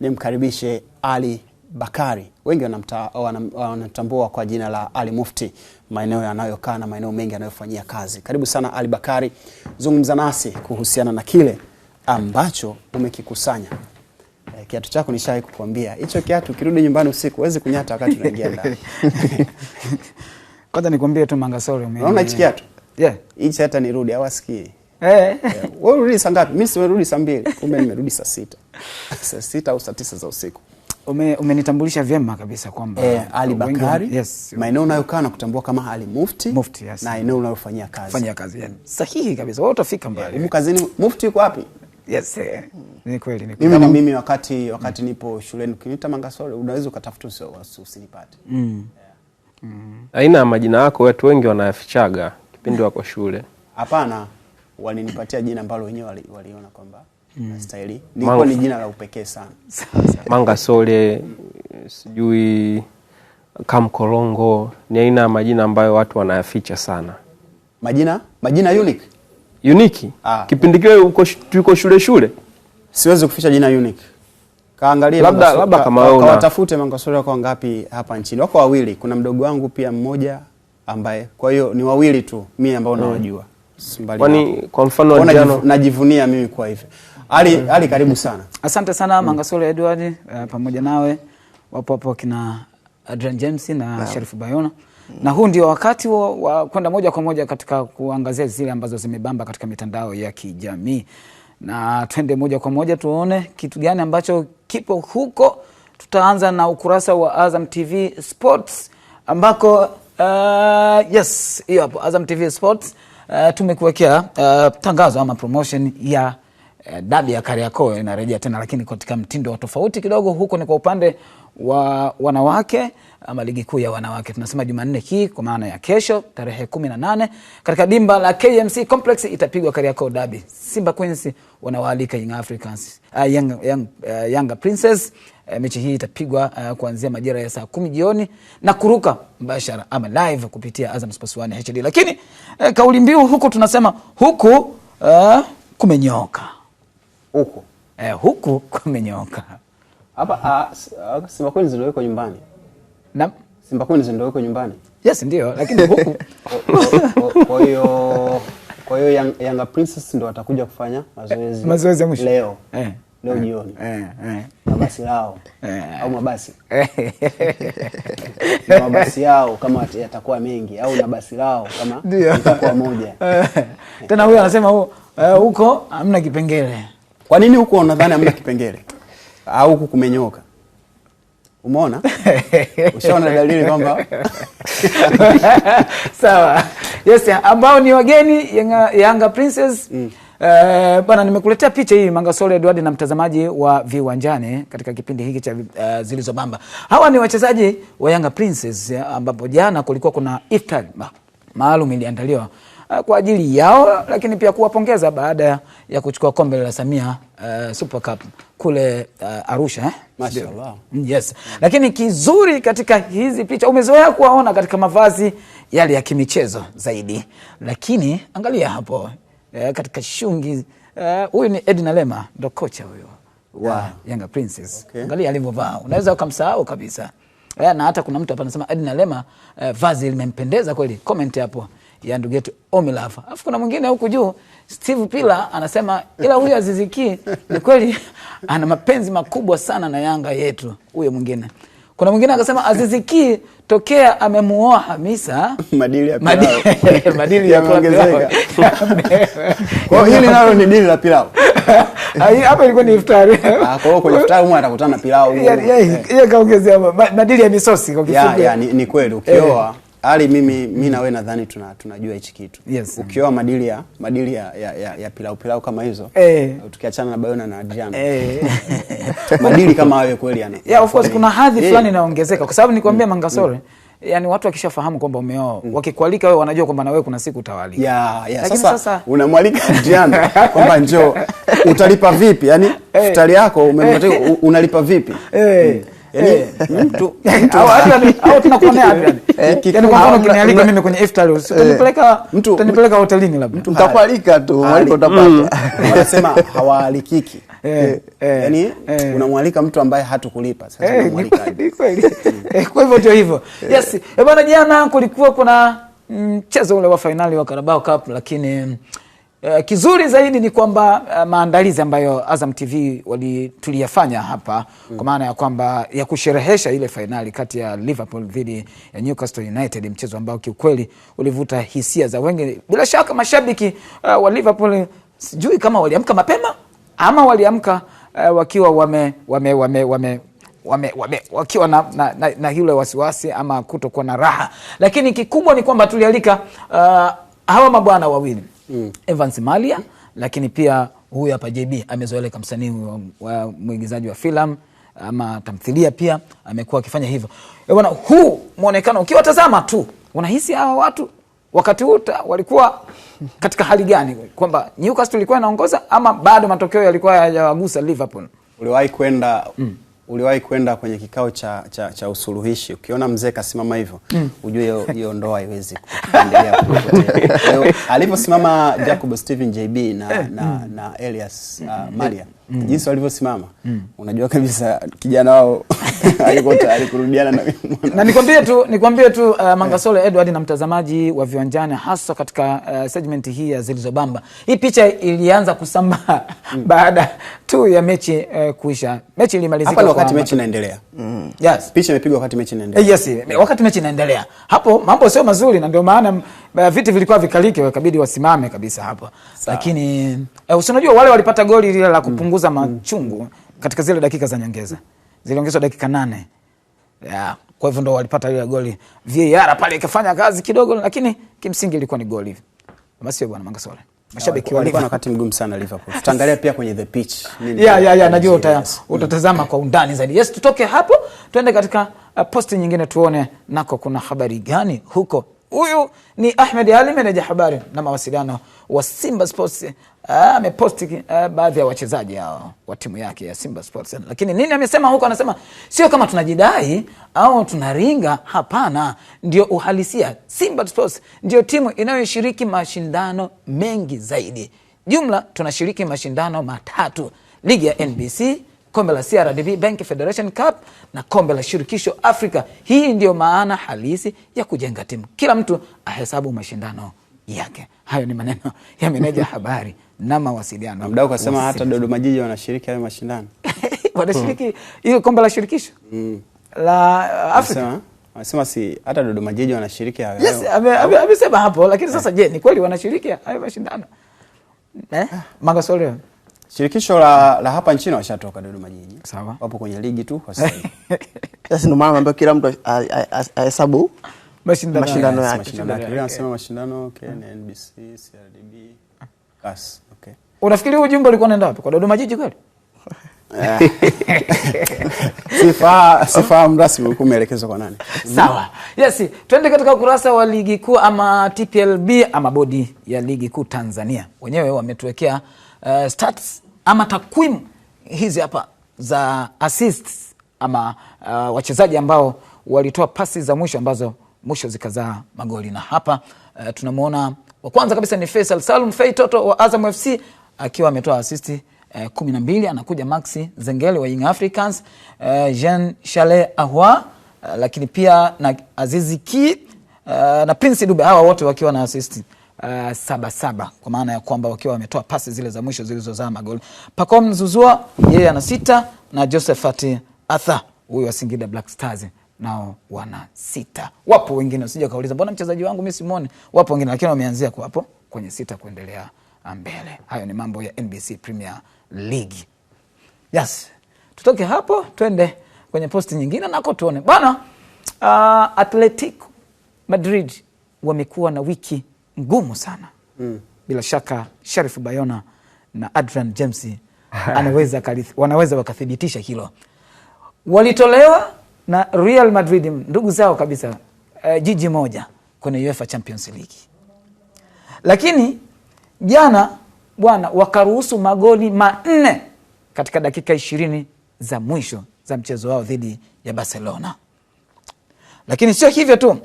nimkaribishe Ali Bakari, wengi wanamtambua kwa jina la Ali Mufti maeneo yanayokaa na maeneo mengi yanayofanyia kazi. Karibu sana Ali Bakari, zungumza nasi kuhusiana na kile ambacho umekikusanya. E, kiatu chako nishawahi kukuambia hicho kiatu, ukirudi nyumbani usiku huwezi kunyata wakati unaingia ndani. Kwanza nikuambie tu Mangasori, unaona hichi kiatu? Yeah. Hichi hata nirudi awasikii Eh. eh, wewe urudi saa ngapi? Mimi simerudi saa mbili, kumbe nimerudi saa sita, saa sita au saa tisa za usiku. Ume, umenitambulisha vyema kabisa kwamba eh, Ali Bakari yes, maeneo unayokaa na kutambua kama Ali Mufti, Mufti yes, na eneo unalofanyia kazi, fanyia kazi yani. Sahihi kabisa, wewe utafika mbali Yeah, kazini. Mufti yuko wapi? Yes, eh. Ni kweli ni kweli. Mimi na mimi wakati wakati mm. nipo shuleni ukiniita Mangasole unaweza ukatafuta usinipate. Mm. Yeah. Mm. Aina ya majina yako watu wengi wanayafichaga kipindi wako shule. Hapana walinipatia jina ambalo wenyewe waliona kwamba mm. stahili nilikuwa ni jina la upekee sana Manga Sole sijui Kamkorongo ni aina ya majina ambayo watu wanayaficha sana majina majina unique unique ah. Kipindi kile uko shule shule siwezi kuficha jina unique Kaangalie labda labda kama wewe Manga Sole wako ngapi hapa nchini? Wako wawili, kuna mdogo wangu pia mmoja ambaye, kwa hiyo ni wawili tu mimi ambao mm. nawajua. Kwani kwa mfano jana najivunia mimi kwa hivyo. Ali, mm. Ali karibu sana. Asante sana mm. Mangasole Edward uh, pamoja nawe wapo hapo kina Adrian James na Sharifu Bayona mm. na huu ndio wakati wa, wa kwenda moja kwa moja katika kuangazia zile ambazo zimebamba katika mitandao ya kijamii, na twende moja kwa moja tuone kitu gani ambacho kipo huko. Tutaanza na ukurasa wa Azam TV Sports ambako uh, yes hiyo hapo Azam TV Sports uh, tumekuwekea uh, tangazo ama promotion ya uh, dabi ya Kariakoo inarejea tena, lakini katika mtindo wa tofauti kidogo. Huko ni kwa upande wa wanawake ama ligi kuu ya wanawake, tunasema Jumanne hii kwa maana ya kesho tarehe 18 katika dimba la KMC Complex itapigwa Kariakoo dabi Simba Queens wanawaalika Young Africans, uh, Young, Young, uh, Yanga Princess Eh, mechi hii itapigwa uh, kuanzia majira ya saa kumi jioni na kuruka mbashara ama live kupitia Azam Sports One HD. Lakini uh, kauli mbiu huku tunasema huku uh, kumenyoka huku eh, huku kumenyoka hapa. Uh, Simba Queens ndio yuko nyumbani na Simba Queens ndio yuko nyumbani. Yes, ndio lakini huku kwa hiyo kwa hiyo Yanga Princess ndio watakuja kufanya mazoezi mazoezi ya mwisho leo eh leo eh, jioni eh, eh. mabasi eh. au mabasi na mabasi yao kama yatakuwa mengi au na basi lao kama litakuwa moja. Tena huyo anasema huko uh, hamna kipengele. Kwa nini huko unadhani hamna kipengele au huku kumenyoka? Umeona, ushaona dalili kwamba sawa. Yes, ambao ni wageni Yanga, Yanga Princess mm. Eh, bwana nimekuletea picha hii Mangasole Edward na mtazamaji wa Viwanjani katika kipindi hiki cha uh, Zilizobamba. Hawa ni wachezaji wa Yanga Princess eh, ambapo jana kulikuwa kuna iftar maalum iliandaliwa uh, kwa ajili yao lakini pia kuwapongeza baada ya kuchukua kombe la Samia uh, Super Cup kule uh, Arusha eh? Mashallah. Mm, yes. Lakini kizuri katika hizi picha umezoea kuwaona katika mavazi yale ya kimichezo zaidi. Lakini angalia hapo eh, katika shungi eh, huyu eh, ni Edna Lema ndo kocha huyo wa uh, Yanga Princess okay. alivyovaa unaweza ukamsahau kabisa eh, na hata kuna mtu hapa anasema Edna Lema eh, vazi limempendeza kweli. Comment hapo ya ndugu yetu Omilava. Alafu kuna mwingine huku juu Steve Pila anasema ila huyu Aziziki ni kweli ana mapenzi makubwa sana na Yanga yetu. Huyo mwingine kuna mwingine akasema Aziziki tokea amemuoa Hamisa madili ya pilau hili nalo ni dili la pilau. Hapa ilikuwa ni iftari. Ah, kwa hiyo kwenye iftari mwa atakutana na pilau. Yeye kaongezea madili ya misosi kwa kifupi. Ya, ni kweli ukioa eh. Ali, mimi mimi na wewe nadhani tuna hichi kitu. Yes. Ukioa madili ya madili ya ya, ya, ya pilau pilau kama hizo. e. Tukiachana na Bayona na Adriano. e. madili kama hayo kweli yana. Yeah, of course kuna hadhi yeah, fulani inaongezeka kwa sababu nikwambia mm, Mangasore. Mm. Yaani watu wakishafahamu kwamba umeoa, mm, wakikualika wewe wanajua kwamba na wewe kuna siku utawalika. Yeah, yeah. Lakini sasa, sasa unamwalika Adriana kwamba njoo utalipa vipi? Yaani futari yako umemtaka hey, unalipa vipi? Hey. Mm. Mtakualika tu mwaliko mm. utapata. Wanasema hawaalikiki. Eh, eh, eh, yaani unamwalika mtu ambaye hatukulipa. Sasa unamwalika. Kwa hivyo ndio hivyo. Yes. Eh, bwana, jana kulikuwa kuna mm, mchezo ule wa fainali wa Carabao Cup lakini mm, Uh, kizuri zaidi ni kwamba uh, maandalizi ambayo Azam TV wali tuliyafanya hapa mm. kwa maana ya kwamba ya kusherehesha ile fainali kati ya Liverpool dhidi ya Newcastle United, mchezo ambao kiukweli ulivuta hisia za wengi. Bila shaka mashabiki uh, wa Liverpool sijui kama waliamka mapema ama waliamka uh, wakiwa wame, wame, wame, wame Wame, wame, wakiwa na, na, na, na hilo wasiwasi ama kutokuwa na raha, lakini kikubwa ni kwamba tulialika uh, hawa mabwana wawili mm. Evans Malia, lakini pia huyu hapa JB amezoeleka msanii wa, mwigizaji wa filamu ama tamthilia pia amekuwa akifanya hivyo. E bwana, huu mwonekano ukiwatazama tu unahisi hawa watu wakati huu walikuwa katika hali gani, kwamba Newcastle ilikuwa inaongoza ama bado matokeo yalikuwa hayajawagusa Liverpool? Uliwahi kwenda mm uliwahi kwenda kwenye kikao cha, cha, cha usuluhishi, ukiona mzee kasimama hivyo mm. ujue hiyo ndoa haiwezi kuendelea. Alivyosimama Jacob Steven JB na, eh. na, na Elias mm. uh, Malia mm. jinsi walivyosimama mm. unajua kabisa kijana wao hayuko tayari kurudiana na na nikwambie tu nikwambie tu uh, Mangasole Edward na mtazamaji wa Viwanjani, hasa katika uh, segment hii ya Zilizobamba. Hii picha ilianza kusambaa mm. baada tu ya mechi uh, kuisha. Mechi ilimalizika hapo wakati mechi inaendelea mm. yes, picha imepigwa wakati mechi inaendelea eh, yes, eh, wakati mechi inaendelea hapo mambo sio mazuri, na ndio maana viti vilikuwa vikalike, wakabidi wasimame kabisa hapo, lakini eh, usinajua wale walipata goli lile la mm. kupunguza mm. machungu katika zile dakika za nyongeza, ziliongezwa dakika nane yeah. Kwa hivyo ndo walipata lile goli, VAR pale ikafanya kazi kidogo, lakini kimsingi ilikuwa ni goli. Basi bwana Mangasole mashabiki walikuwa na wakati mgumu sana Liverpool. Tutaangalia pia kwenye the pitch nini. Yeah, yeah, yeah, najua uta, utatazama kwa undani zaidi. Yes, tutoke hapo tuende katika uh, posti nyingine tuone nako kuna habari gani huko. Huyu ni Ahmed Ali, meneja habari na mawasiliano wa Simba Sports. Ah, ameposti eh, baadhi ya wachezaji hao wa timu yake ya Simba Sports, lakini nini amesema huko? Anasema sio kama tunajidai au tunaringa. Hapana, ndio uhalisia. Simba Sports ndio timu inayoshiriki mashindano mengi zaidi. Jumla tunashiriki mashindano matatu: ligi ya NBC kombe la CRDB Bank Federation Cup na kombe la shirikisho Afrika. Hii ndiyo maana halisi ya kujenga timu, kila mtu ahesabu mashindano yake. Hayo ni maneno ya meneja habari na mawasiliano. Mdau ukasema hata Dodoma Jiji wanashiriki hayo mashindano wanashiriki hiyo kombe la shirikisho mm. la uh, Afrika amesema si hata Dodoma Jiji wanashiriki hayo. Yes, amesema hapo lakini sasa, eh. je, ni kweli wanashiriki hayo mashindano eh? Ah. Mangasoleo Shirikisho la, la hapa nchini washatoka Dodoma Jiji. Sawa. Wapo kwenye ligi tu kwa sasa. Sasa ndio maana naambia kila mtu ahesabu mashindano yake. Mashindano yake. Anasema mashindano okay, hmm. NBC, CRDB. kas ah. okay. Unafikiri huu jumbo ulikuwa unaenda wapi? Kwa Dodoma Jiji kweli? Eh. Sifahamu rasmi huku umeelekezwa kwa nani. Sawa. Yes, twende katika ukurasa wa ligi kuu ama TPLB ama bodi ya ligi kuu Tanzania. Wenyewe wametuwekea uh, stats ama takwimu hizi hapa za assists ama uh, wachezaji ambao walitoa pasi za mwisho ambazo mwisho zikazaa magoli, na hapa uh, tunamwona wa kwanza kabisa ni Faisal Salum Fei Toto wa Azam FC akiwa ametoa asisti eh, uh, kumi na mbili. Anakuja Maxi Zengeli wa Young Africans eh, Jean Chale Ahua eh, uh, lakini pia na Azizi Ki eh, na Prince Dube hawa wote wakiwa na asisti uh, saba saba kwa maana ya kwamba wakiwa wametoa pasi zile za mwisho zilizozaa magoli. Pacome Zouzoua yeye ana sita na Josephat Atha huyu wa Singida Black Stars nao wana sita. Wapo wengine, usije kauliza mbona mchezaji wangu mimi simuone. Wapo wengine lakini wameanzia kuwapo kwenye sita kuendelea mbele. Hayo ni mambo ya NBC Premier League. Yes. Tutoke hapo twende kwenye posti nyingine nako tuone bwana. Uh, Atletico Madrid wamekuwa na wiki ngumu sana mm. Bila shaka sharif Bayona na Adrian James anaweza kalith, wanaweza wakathibitisha hilo. Walitolewa na Real Madrid, ndugu zao kabisa, eh, jiji moja kwenye UEFA Champions League, lakini jana bwana wakaruhusu magoli manne katika dakika ishirini za mwisho za mchezo wao dhidi ya Barcelona. Lakini sio hivyo tu,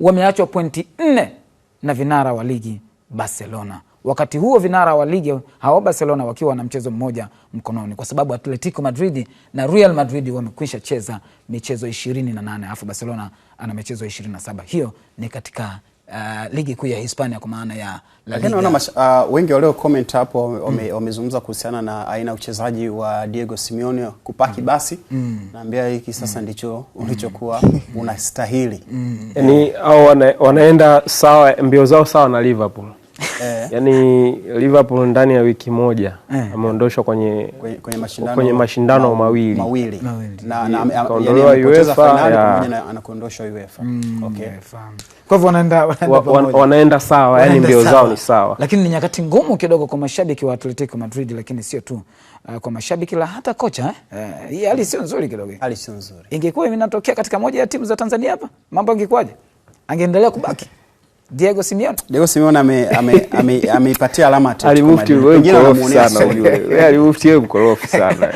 wameachwa pointi nne na vinara wa ligi Barcelona. Wakati huo vinara wa ligi hawa Barcelona wakiwa na mchezo mmoja mkononi, kwa sababu Atletico Madrid na Real Madrid wamekwisha cheza michezo ishirini na nane alafu Barcelona ana michezo ishirini na saba. Hiyo ni katika uh, ligi kuu ya Hispania kwa maana ya La Liga. Naona uh, wengi walio comment hapo mm. wamezungumza mm. kuhusiana na aina ya uchezaji wa Diego Simeone kupaki mm. basi mm. naambia hiki sasa mm. ndicho mm. ulichokuwa unastahili. Yaani mm. au wana, wanaenda sawa mbio zao sawa na Liverpool eh. Yani Liverpool ndani ya wiki moja eh, ameondoshwa kwenye, kwenye, mashindano, kwenye mashindano ma, mawili mawili yaani kaondolewa UEFA na kuondoshwa UEFA. Mm, okay. Kwa hivyo wanaenda wanaenda, sawa, yani mbio zao ni sawa, lakini ni nyakati ngumu kidogo kwa mashabiki wa Atletico Madrid, lakini sio tu uh, kwa mashabiki la hata kocha eh? Eh, hii hali sio nzuri kidogo. Hali sio nzuri, ingekuwa inatokea katika moja ya timu za Tanzania hapa mambo angekuwaje? Angeendelea kubaki Diego Simeone. Diego Simeone ameipatia ame, ame, ame, ame alama Atletico Madrid. Mkorofi sana.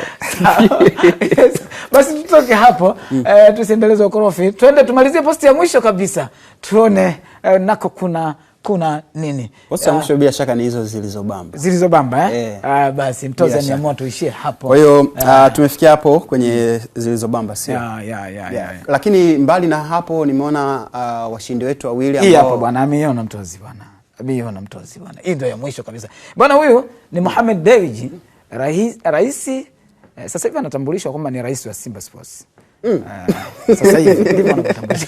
Basi tutoke hapo mm. Eh, tusiendeleze ukorofi, twende tumalizie posti ya mwisho kabisa tuone eh, nako kuna kuna nini. mwisho ah. bila shaka ni hizo zilizobamba, zilizobamba eh? Yeah. Ah, basi mtoza niamua tuishie hapo. Kwa hiyo ah. ah, tumefikia hapo kwenye zilizobamba sio? yeah, yeah, yeah, yeah. Yeah. Lakini mbali na hapo nimeona uh, washindi wetu wawili ambao hapo bwana ameiona mtozi bwana ameiona mtozi bwana, hii ndio ya mwisho kabisa bwana. Huyu ni Mohamed Dewji, rais, rais eh, sasa hivi anatambulishwa kwamba ni rais wa Simba Sports. Mm. Uh, sasa hivi ndivyo wanakutambulisha.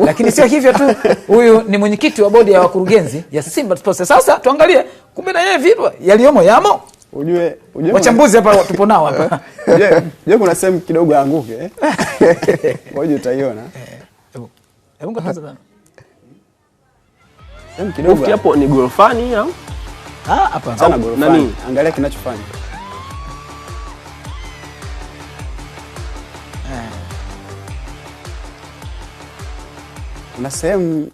Lakini sio hivyo tu, huyu ni mwenyekiti wa bodi ya wakurugenzi ya Simba Sports. Sasa tuangalie kumbe na yeye vitu yaliyomo yamo. Ujue, ujue wachambuzi hapa tupo nao hapa. Je, je kuna sehemu kidogo anguke eh? Ngoja utaiona. Eh, hebu ngoja tazama. Sehemu kidogo hapo ni gorofani au? Ah, hapa. Sana golfani. Angalia kinachofanya. Mas é um.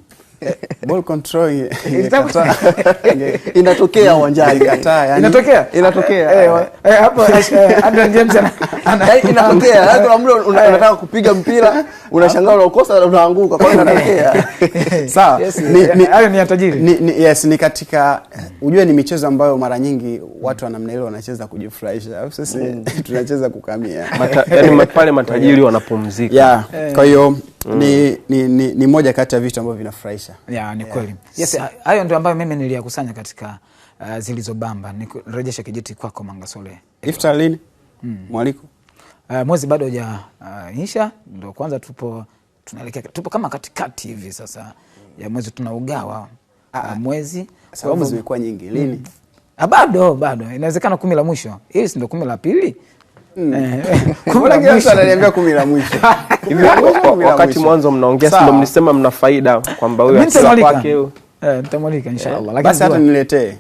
ball control inatokea uwanjani, inatokea inatokea eh, eh, eh, eh hapo Adrian James ana inatokea, unataka kupiga mpira unashangaa unakosa unaanguka, kwa inatokea. Sawa, ni ni tajiri ni yes, ni katika ujue, ni michezo ambayo mara nyingi watu wanamna ile wanacheza kujifurahisha, au sisi mm. tunacheza kukamia, yani pale matajiri wanapumzika. Kwa hiyo mm. ni ni ni moja kati ya vitu ambavyo vinafurahisha ni kweli yes, eh. hayo ndio ambayo mimi niliyakusanya katika uh, Zilizobamba. Nikurejeshe kijiti kwako Mangasole. Iftar lini hmm. mwaliko? Uh, mwezi bado hujaisha, uh, ndo kwanza tupo tunaelekea, tupo kama katikati hivi sasa ya mwezi tunaugawa uh, mwezi. Sababu zimekuwa nyingi lini? Hmm. Ah, bado bado inawezekana kumi la mwisho, hili sindo kumi la pili Mm. Eh. wakati mwanzo mnaongea, ndio mlisema mna faida kwamba huyo kwake mtamwalika eh, inshallah, eh, basi hata niletee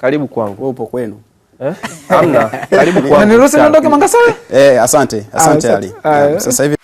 karibu kwangu, wewe upo kwenu amna, karibu kwangu, niruhusu niondoke Mangasa. Eh, asante asante ah, Ali, ah, sasa hivi